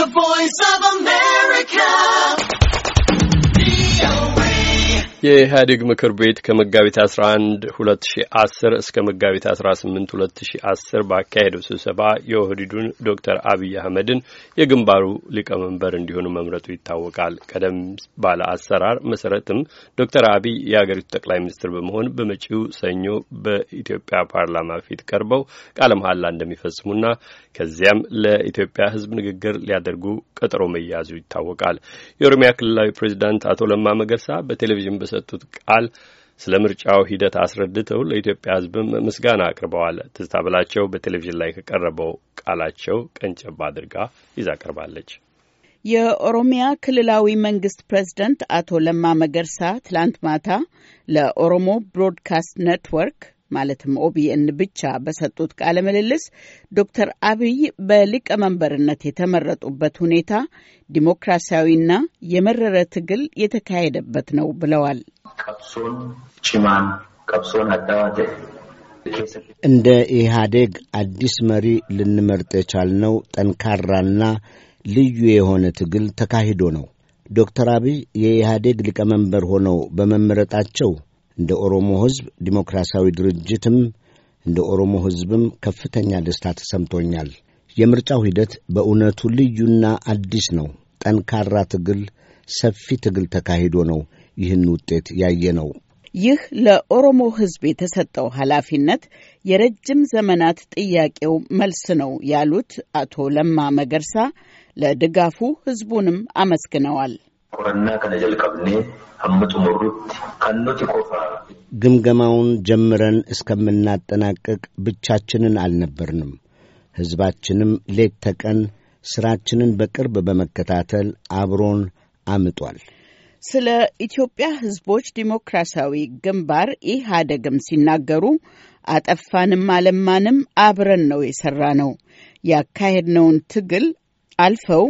The Voice of man. የኢህአዴግ ምክር ቤት ከመጋቢት 11 2010 እስከ መጋቢት 18 2010 ባካሄደው ስብሰባ የኦህዲዱን ዶክተር አብይ አህመድን የግንባሩ ሊቀመንበር እንዲሆኑ መምረጡ ይታወቃል። ቀደም ባለ አሰራር መሰረትም ዶክተር አብይ የአገሪቱ ጠቅላይ ሚኒስትር በመሆን በመጪው ሰኞ በኢትዮጵያ ፓርላማ ፊት ቀርበው ቃለ መሐላ እንደሚፈጽሙና ከዚያም ለኢትዮጵያ ሕዝብ ንግግር ሊያደርጉ ቀጠሮ መያዙ ይታወቃል። የኦሮሚያ ክልላዊ ፕሬዚዳንት አቶ ለማ መገርሳ በቴሌቪዥን በሰጡት ቃል ስለ ምርጫው ሂደት አስረድተው ለኢትዮጵያ ሕዝብም ምስጋና አቅርበዋል። ትዝታ በላቸው በቴሌቪዥን ላይ ከቀረበው ቃላቸው ቀንጨብ አድርጋ ይዛ ቀርባለች። የኦሮሚያ ክልላዊ መንግስት ፕሬዝደንት አቶ ለማ መገርሳ ትላንት ማታ ለኦሮሞ ብሮድካስት ኔትወርክ ማለትም ኦቢኤን ብቻ በሰጡት ቃለ ምልልስ ዶክተር አብይ በሊቀመንበርነት የተመረጡበት ሁኔታ ዲሞክራሲያዊና የመረረ ትግል የተካሄደበት ነው ብለዋል። ቀብሶን ጭማን ቀብሶን አዳዋደ እንደ ኢህአዴግ አዲስ መሪ ልንመርጥ የቻልነው ጠንካራና ልዩ የሆነ ትግል ተካሂዶ ነው። ዶክተር አብይ የኢህአዴግ ሊቀመንበር ሆነው በመመረጣቸው እንደ ኦሮሞ ሕዝብ ዲሞክራሲያዊ ድርጅትም እንደ ኦሮሞ ሕዝብም ከፍተኛ ደስታ ተሰምቶኛል። የምርጫው ሂደት በእውነቱ ልዩና አዲስ ነው። ጠንካራ ትግል፣ ሰፊ ትግል ተካሂዶ ነው ይህን ውጤት ያየ ነው። ይህ ለኦሮሞ ሕዝብ የተሰጠው ኃላፊነት የረጅም ዘመናት ጥያቄው መልስ ነው ያሉት አቶ ለማ መገርሳ ለድጋፉ ሕዝቡንም አመስግነዋል። qorannaa kana jalqabnee hamma xumurrutti kan nuti ግምገማውን ጀምረን እስከምናጠናቀቅ ብቻችንን አልነበርንም። ሕዝባችንም ሌት ተቀን ሥራችንን በቅርብ በመከታተል አብሮን አምጧል። ስለ ኢትዮጵያ ሕዝቦች ዲሞክራሲያዊ ግንባር ኢህአደግም ሲናገሩ አጠፋንም አለማንም አብረን ነው የሠራ ነው። ያካሄድነውን ትግል አልፈው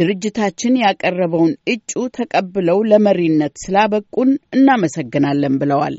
ድርጅታችን ያቀረበውን እጩ ተቀብለው ለመሪነት ስላበቁን እናመሰግናለን ብለዋል።